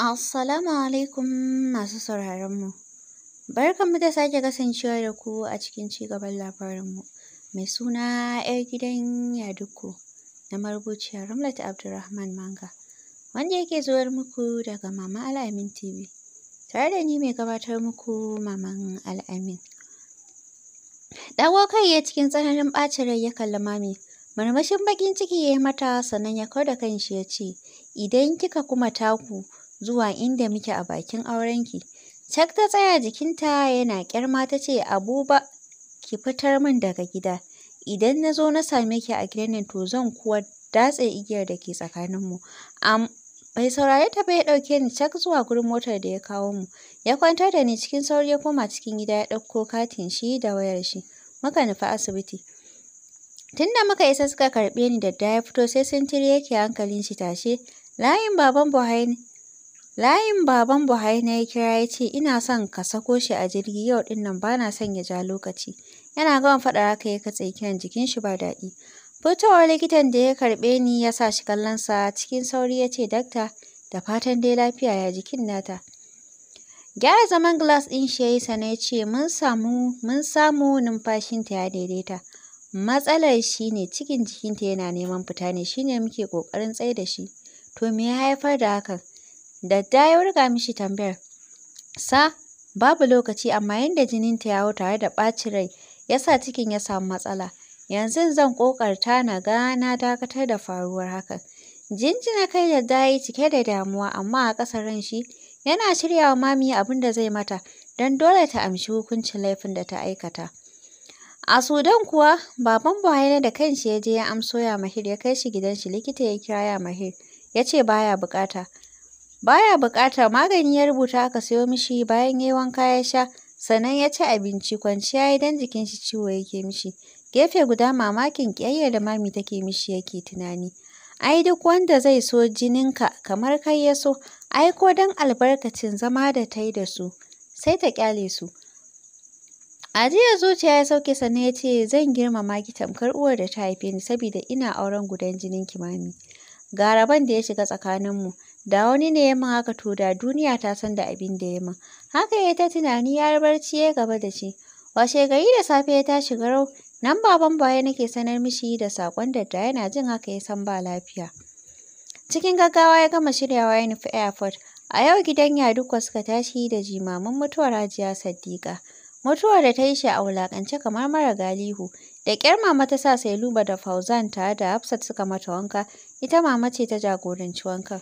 Assalamu alaikum masu sauraronmu. Barkanmu da sake kasancewa da ku a cikin cigaban labarinmu. Mai suna 'yar gidan Yaduko na marubuciya Ramlat Abdulrahman Manga, wanda yake zuwar muku daga Mama Al'amin TV, tare da ni mai gabatar muku Maman Al'amin. Dago kai ya cikin tsananin ɓacin rai ya kalli mami. Marmashin bakin ciki ya yi mata sannan ya kau da kanshi ya ce, Idan kika kuma taku, zuwa inda muke a bakin aurenki. Cak ta tsaya jikinta yana ƙyarma ta ce Abuba ki fitar min daga gida. Idan na zo na same ki a gidan nan to zan kuwa datse igiyar da ke tsakaninmu. Am bai saurare ta ba ya ɗauke ni cak zuwa gurin motar da ya kawo mu. Ya kwantar da ni cikin sauri ya koma cikin gida ya ɗauko katin shi da wayar shi. Muka nufi asibiti. Tunda muka isa suka karɓe ni da da ya fito sai sun sintiri yake hankalin shi tashe. Layin baban Buhari ne. Layin Baban Buhari na ya kira ya ce, ina son ka sako shi a jirgi yau din nan ba na son ya ja lokaci. Yana gama faɗa haka ya katse kiran jikin shi ba daɗi. Fitowar likitan da ya karɓe ni ya sa shi sa cikin sauri ya ce, Dakta, da fatan dai lafiya ya jikin nata. Gyara zaman glass ɗin shi ya yi sana ya ce, mun samu, mun samu numfashinta ya daidaita. Matsalar shi ne cikin jikinta yana neman fita ne shine muke ƙoƙarin da shi. To me ya haifar da hakan? Dadda ya wurga mishi tambayar. Sa, babu lokaci amma yadda jininta ya hau tare da ɓacin rai ya sa cikin ya samu matsala. Yanzu zan ƙoƙarta na gana dakatar da faruwar hakan. Jinjina kai dadda ya yi cike da damuwa amma a ƙasar ran shi yana shirya wa mami abin da zai mata don dole ta amshi hukuncin laifin da ta aikata. A Sudan kuwa, baban Buhari da kanshi ya je ya amso ya Mahir ya kai shi gidan shi likita ya kira ya Mahir ya ce baya bukata. baya buƙatar magani ya rubuta aka sayo mishi bayan yayi wanka ya sha sannan ya ci abinci kwanciya ya dan jikin shi ciwo yake mishi gefe guda mamakin kiyayya da mami take mishi yake tunani ai duk wanda zai so jininka kamar kai ya so ai ko dan albarkacin zama da tai da su sai ta kyale su jiya zuciya ya sauke sannan ya ce zan girmama ki tamkar uwar da ta haife ni saboda ina auren gudan jinin kimami. Ga rabon da ya shiga tsakaninmu, da wani ne ya min haka to da duniya ta san da abin da ya min haka ya ta tunani ya barci ya gaba da shi washe gari da safe ya tashi garau nan baban baya nake sanar mishi da sakon dadda yana jin haka ya san ba lafiya cikin gaggawa ya gama shiryawa ya nufi airport a yau gidan yaduka suka tashi da jimamin mutuwar hajiya Sadiqa, mutuwar da ta yi shi a wulakance kamar mara galihu da ƙyar mama ta sa sai luba da fauzan tare da hafsat suka mata wanka ita mama ce ta jagoranci wankan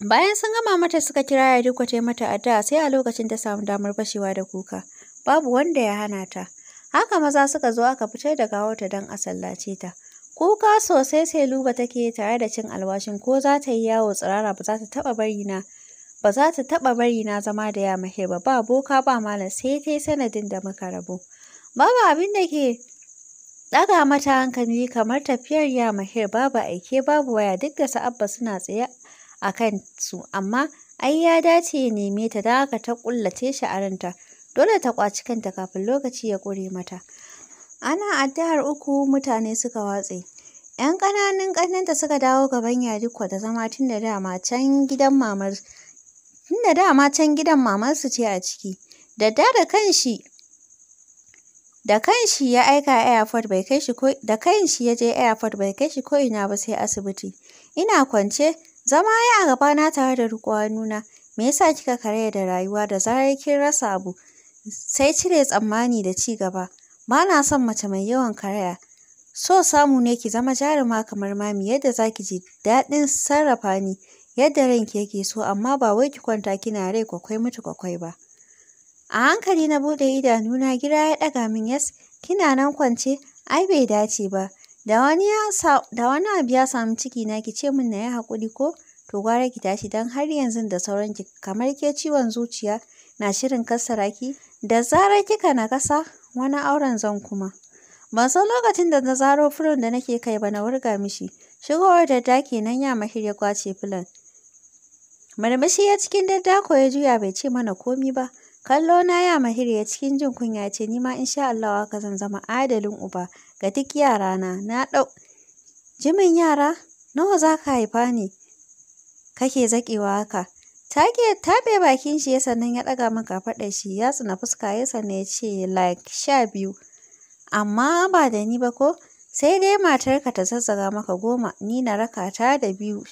Bayan sun gama mata suka kira ya duk ta mata addu'a sai a lokacin ta samu damar fashewa da kuka. Babu wanda ya hana ta. Haka maza suka zo aka fitar da gawarta don a sallace ta. Kuka sosai sai Luba take tare da cin alwashin ko za ta yi yawo tsirara ba za ta taɓa bari na ba za ta taɓa bari na zama da ya mahe ba ba boka ba malam sai ta yi sanadin da muka rabu. Babu abin da ke ɗaga mata hankali kamar tafiyar ya mahir babu aike babu waya duk da sa'abba suna tsaye a kansu amma ai ya dace ya neme ta don ta ƙullace shi a ranta. Dole ta ƙwaci kanta kafin lokaci ya ƙure mata. Ana addu'ar uku mutane suka watse. ‘Yan ƙananun ƙannenta suka dawo gaban Yariko da zama tun da dama can gidan mamar tun da dama gidan mamarsu ce a ciki. Dadda da kanshi da kanshi ya aika airport bai kai shi ko da kanshi ya je airport bai kai shi ko ina ba sai asibiti. Ina kwance Zama ya yi a gabana tare da riƙo nuna, Me yasa kika karaya da rayuwa da zarar kin rasa abu? Sai cire tsammani da ci gaba. Ba na son mace mai yawan karaya. So samu ne ki zama jaruma kamar mami yadda za ki ji daɗin sarrafa ni yadda ranki yake so amma ba wai ki kwanta kina rai kwakwai mutu kwakwai ba. A hankali na buɗe idanuna gira ya ɗaga min yas kina nan kwance ai bai dace ba Da wani abu ya samu ciki na ki ce min na yi haƙuri ko? To gwara ki tashi don har yanzu da sauran ki kamar ke ciwon zuciya na shirin kassara ki. Da zarar kika na nakasa wani auren zan kuma. Ban san lokacin da na zaro furin da nake kai ba na wurga mishi. Shigowar da daki nan ya mahir ya kwace filan. Murmushi ya cikin daddako ya juya bai ce mana komi ba. Kallo na ya Mahirya cikin jin kunya ya ce, ni ma in sha Allahu zan zama adalin uba ga duk yarana na ɗau. Jimin yara, nawa za ka haifa ne? Kake zaƙewa haka. Take tabe bakin shi ya sannan ya ɗaga maka faɗa shi ya tsina fuska ya sannan ya ce like sha biyu. Amma ba da ni ba ko? Sai dai matar ka ta zazzaga maka goma ni na raka ta da biyu.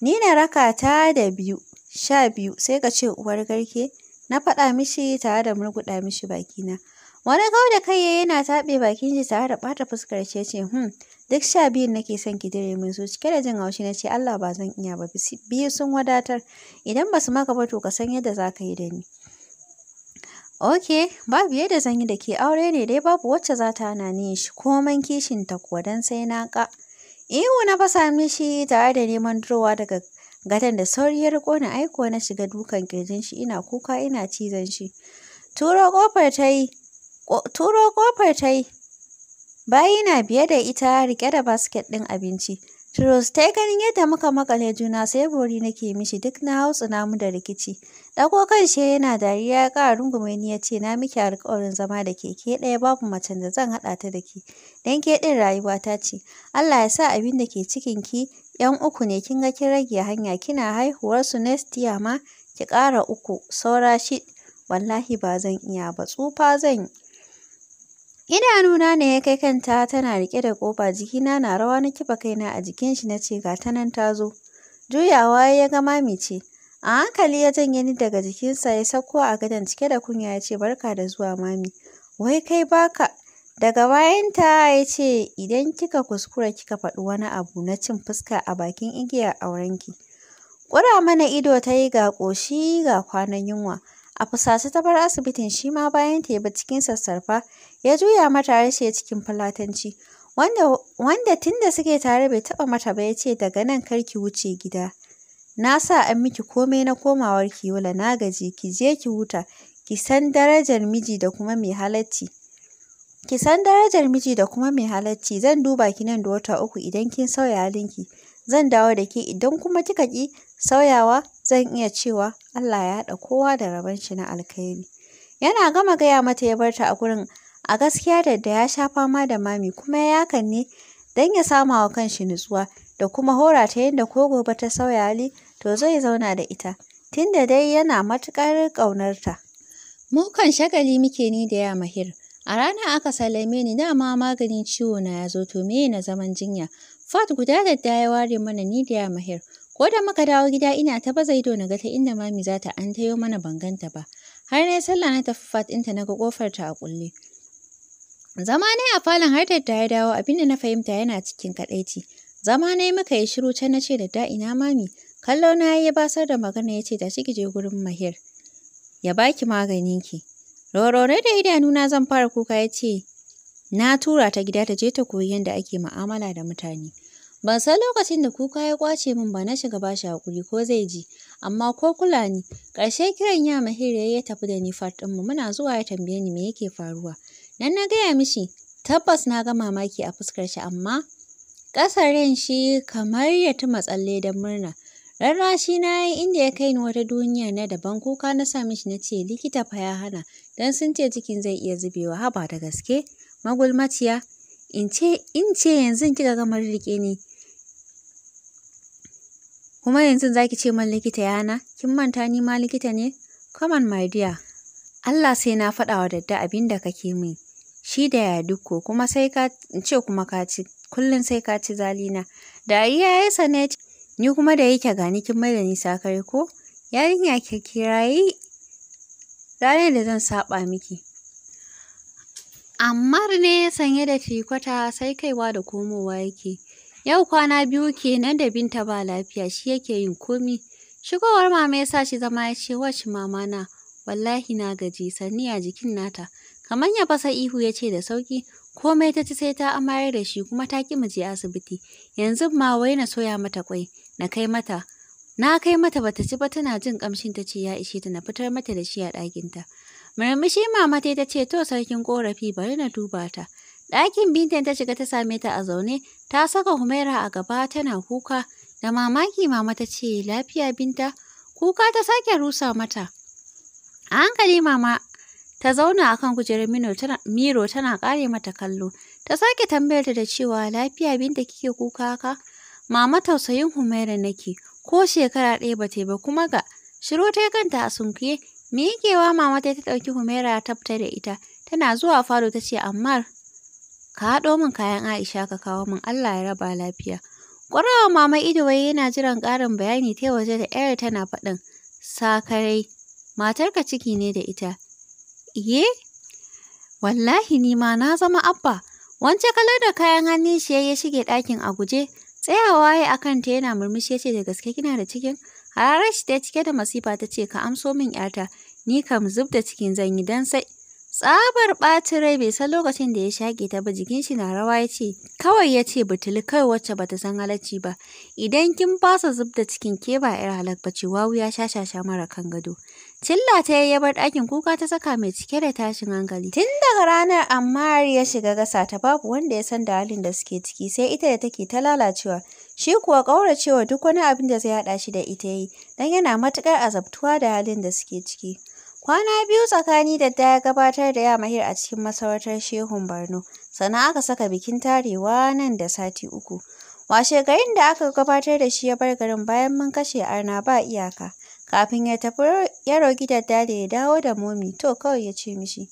Ni na raka ta da biyu. Sha biyu sai ka ce uwar garke. Na faɗa mishi tare da murguɗa mishi bakina. Wani gau da kai yana taɓe bakin shi tare da ɓata fuskar ce ce, "Hmm, duk sha biyun nake son ki dire min su cike da jin haushi na ce Allah ba zan iya ba biyu sun wadatar idan ba su maka ba to ka san yadda za ka yi da ni." Ok, babu yadda zan yi da ke aure ne dai babu wacce za ta hana ni shi komai kishin ta kuwa don sai na ka. Ihu na fasa mishi tare da neman durowa daga Gadon da sauri ya riko aiko na shiga dukan kirjin shi ina kuka ina cizon shi. Turo kofar ta yi, turo kofar ta Bayi na biye da ita rike da basket ɗin abinci. Turos ta ganin yadda muka makale juna sai bori nake mishi duk na hautsina mu da rikici. Ɗago kan shi yana dariya ya ƙara rungume ni ya ce na miki alƙawarin zama da ke ke ɗaya babu macen da zan haɗa ta da ke. Dan ke ɗin rayuwa ta ce. Allah ya sa abin da ke cikin ki ‘yan uku ne kin ga kin rage hanya kina haihuwar su next year ma ki ƙara uku saura shi wallahi ba zan iya ba tsufa zan yi. Idanuna ne ya kai kanta tana riƙe da ƙofa jikina na rawa na kifa kaina a jikin shi na ce ga ta nan ta zo. Juyawa ya ga mami ce A hankali ya janye ni daga jikinsa ya sauko a gadon cike da kunya ya ce barka da zuwa mami. Wai kai baka. Daga bayanta ya ce idan kika kuskura kika faɗi wani abu na cin fuska a bakin igiya igiyar aurenki. Ƙura mana ido ta yi ga ƙoshi ga kwanan yunwa. A fusace ta bar asibitin shi ma bayan ta cikin sassarfa ya juya mata rashe cikin fulatanci. Wanda, wanda tun da suke tare bai taɓa mata ba ya ce daga nan kar ki wuce gida. Na sa an miki komai na komawar ki na gaji, ki je ki huta, ki san darajar miji da kuma mai halacci. Ki san darajar miji da kuma mai halacci, zan duba ki nan da wata uku idan kin sauya halinki, zan dawo da ke idan kuma kika ki? sauyawa zan iya cewa Allah ya haɗa kowa da rabon shi na alkhairi. Yana gama gaya mata ya bar ta a gurin a gaskiya da ya sha fama da mami kuma ya hakan ne don ya sama wa kanshi nutsuwa. da kuma hora ta yadda ko gobe ta sauya hali to zai zauna da ita tunda dai yana matuƙar ƙaunarta. Mu kan shagali muke ni da ya mahir. A ranar aka sallame ni dama maganin ciwo na ya zo to me na zaman jinya. Fat guda da da ya ware mana ni da ya mahir. Ko da muka dawo gida ina ta baza ido na ga ta inda mami za ta an tayo mana banganta ba. Har na sallah na tafi fat ɗinta na ga kofar ta a kulle. Zama ne a falon har da ya dawo abinda na fahimta yana cikin kaɗaici. Zama na yi muka yi shiru can na ce da da ina mami. Kallo na ya basar da magana ya ce ta ki je gurin Mahir. Ya baki maganin ki. Rorore da idanu na zan fara kuka ya ce na tura ta gida ta je ta koyi yadda ake ma'amala da mutane. Ban san lokacin da kuka ya kwace min ba na shiga bashi hakuri ko zai ji, amma ko kula ni, ƙarshe kiran ya mahir ya tafi da ni ɗinmu muna zuwa ya tambaye ni me yake faruwa. Nan na gaya mishi, tabbas na ga mamaki a fuskar shi amma Ƙasar ran shi kamar ya tuma tsalle da murna. shi na yi inda ya kai ni wata duniya na daban kuka na sa mishi na ce likita fa ya hana don sun ce cikin zai iya zubewa haba da gaske magulmaciya in ce in ce yanzu kika gama rike ni kuma yanzu zaki ce man likita ya hana kin manta ni ma likita ne come on my dear Allah sai na faɗawa dadda abin da kake min shi da ya dukko kuma sai ka in ce kuma ka ci kullum sai ka ci zalina. Dariya ya sane ni kuma da yake gani kin mai da nisa kai ko? Yarinya ki kirayi ranar da zan saba miki. Ammar ne sanye da fikwata sai kaiwa da komowa yake. Yau kwana biyu ke nan da binta ba lafiya shi yake yin komi. Shigowar mama ya sa shi zama ya ce wace mama na wallahi na gaji sanni a jikin nata. Kamar ya fasa ihu ya ce da sauki Komai ta ci sai ta amare da shi kuma ta ki muje asibiti. Yanzu ma wai na soya mata kwai, na kai mata. Na kai mata bata ci ba tana jin kamshin ta ce ya ishe ta na fitar mata da shi a ɗakin ta Murmushi mama ta ta ce to sarkin korafi bari na duba ta. Ɗakin Binta ta shiga ta same ta a zaune, ta saka Humaira a gaba tana kuka. Da mamaki mama ta ce lafiya Binta, kuka ta sake rusa mata. A hankali mama Ta zauna a kan kujerar Miro tana ƙare mata kallo. Ta sake tambayar ta da cewa lafiya binta kike kuka ka?" Mama tausayin Humaira nake, ko shekara ɗaya ba ta ba kuma ga shiru ta kanta a sunkuye. Me wa mama ta ta ɗauki Humaira ya fita da ita. Tana zuwa falo ta ce Ammar ka haɗo min kayan Aisha ka kawo min Allah ya raba lafiya. Ƙwarawa mama wai yana jiran ƙarin bayani ta waje da ‘yar tana faɗin. Sakarai, matarka ciki ne da ita, iye, wallahi ni ma na zama Abba. Wance kalar da kayan hannun shi ya shige ɗakin a guje, tsayawa ya a kanta yana murmushi ya ce da gaske kina da cikin. Hararar shi ta cike da masifa ta ce ka amso min ‘yata, ni kam zub da cikin zan yi don sai. Tsabar ɓacin rai bai san lokacin da ya shaƙe ta ba jikin shi na rawa ya ce, kawai ya ce butuli kai wacce ba ta san halacci ba, idan kin fasa zub da cikin ke ba ‘yar halak ba ce wawu ya sha mara kan gado. Tilla ta yi bar ɗakin kuka ta saka mai cike da tashin hankali. Tun daga ranar Ammar ya shiga gasa ta babu wanda ya san da halin da suke ciki sai ita da take ta lalacewa. Shi kuwa ƙauracewa duk wani abin da zai haɗa shi da ita yi, don yana matuƙar azabtuwa da halin da suke ciki. Kwana biyu tsakani da ya gabatar da ya mahir a cikin masarautar Shehun Barno, sannan aka saka bikin tarewa nan da sati uku. Washe garin da aka gabatar da shi ya bar garin bayan mun kashe arna ba iyaka. Kafin ya tafi ya roƙi da ya dawo da Momi to kawai ya ce mishi.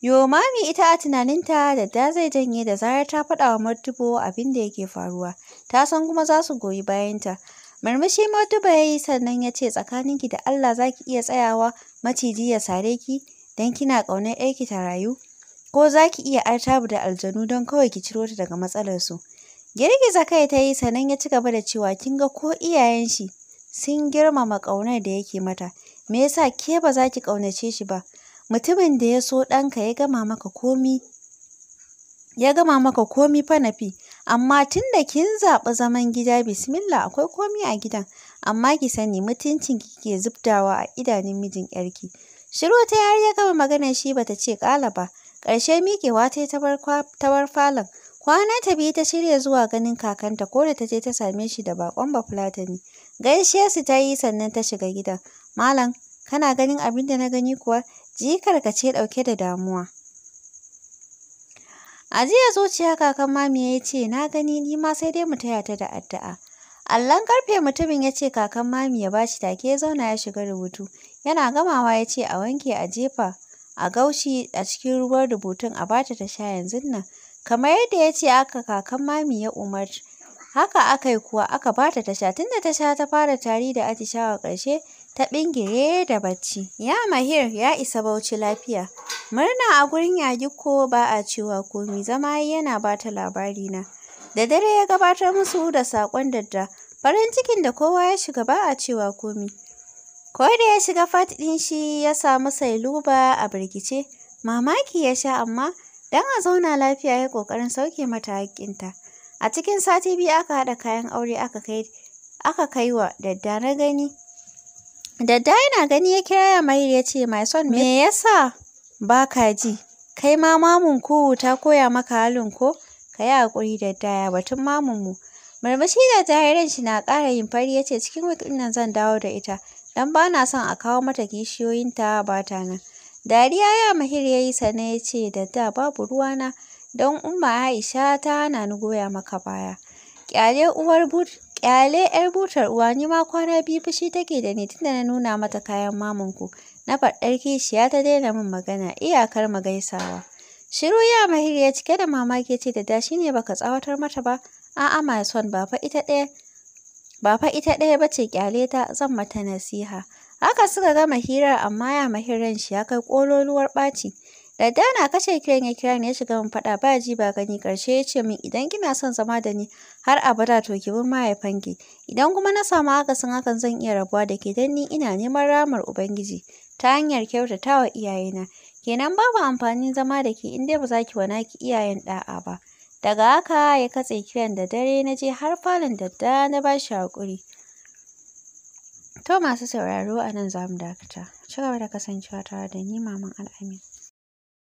Yo Mami ita a tunaninta Dadda zai janye da zarar ta faɗa wa abinda abin da yake faruwa. Ta san kuma za su goyi bayanta. Murmushi martuba ya yi sannan ya ce tsakaninki da Allah za ki iya tsayawa maciji ya sare ki don kina ƙaunar ‘yarki ta rayu? Ko za ki iya artabu da aljanu don kawai ki ciro ta daga matsalarsu? Girgiza kai ta yi sannan ya ci gaba da cewa kin ga ko iyayen shi sun girmama ƙaunar da yake mata. Me yasa ke ba za ki ƙaunace shi ba? Mutumin da ya so ɗanka ya gama maka komi ya gama maka komi fa amma tun da kin zaɓi zaman gida bismillah akwai komi a gidan amma ki sani mutuncin ki ke zubdawa a idanun mijin ƴarki. shiru ta yari ya gama maganar shi bata ce ƙala ba ƙarshe miƙewa ta ta bar falon kwana ta biyu ta shirya zuwa ganin kakanta ko da ta je ta same shi da baƙon bafulatani Gaishe su ta yi sannan ta shiga gidan. Malam, kana ganin abin da na gani kuwa? Jikarka ce ɗauke da damuwa. A jiya zuciya kakan mami ya ce, na gani ni ma sai dai mu taya ta da addu'a. Allon karfe mutumin ya ce kakan mami ya bashi take zauna ya shiga rubutu. Yana gamawa ya ce a wanke a jefa a gaushi a cikin ruwan rubutun a bata ta sha yanzun nan. Kamar yadda ya ce aka kakan mami ya umarci Haka aka yi kuwa aka ba ta tasha tunda tasha ta fara tari da atishawa ƙarshe ta ɓingire da bacci. Ya Mahir ya isa Bauchi lafiya. Murna a gurin ko ba a cewa komi zama yana ba ta labari na. Da dare ya gabatar musu da saƙon dadda farin cikin da kowa ya shiga ba a cewa komi. Ko da ya shiga fat ɗin shi ya samu sailuba a birgice mamaki ya sha amma dan a zauna lafiya ya ƙoƙarin sauke mata haƙƙinta. A cikin sati biyu aka haɗa kayan aure aka kai aka kai wa Dadda na gani. Dadda yana gani ya kira ya mai ya ce my son me yasa ba ka ji? Kai ma mamun ku ta koya maka halin ko? Ka yi haƙuri Dadda ya batun mamun mu. Murmushi da jahiran shi na ƙara yin fari ya ce cikin wikin nan zan dawo da ita Dan ba na son a kawo mata gishiyoyinta ba ta nan. Dariya ya Mahir ya yi sane ya ce Dadda babu ruwana. don Umma Aisha ta hana ni goya maka baya. kyale uwar but, kyale 'yar butar uwa ni ma kwana biyu fushi take da ni tunda na nuna mata kayan mamanku. Na faɗar kishiya ta daina min magana iyakar mu gaisawa. Shiru ya mahiriya cike da mamaki ce da dashi ne baka tsawatar mata ba. A'a my son ba fa ita ɗaya ba fa ita ɗaya bace ƙyale ta zan mata nasiha. Haka suka gama hirar amma ya mahirar shi ya kai ƙololuwar ɓaci. dada na kashe kiran ya kira ni ya shiga min faɗa ba ji ba gani karshe ya ce min idan kina son zama da ni har abada to ki bin ki Idan kuma na samu sun hakan zan iya rabuwa da ke don ni ina neman ramar Ubangiji ta hanyar kyautatawa iyayena. Kenan babu amfani zama da ke in dai ba za ki wa naki iyayen ɗa'a ba. Daga haka ya katse kiran da dare na je har falon dadda na ba shi hakuri. To masu sauraro a nan za mu dakata. Ci gaba da kasancewa tare da ni Maman Al'amin.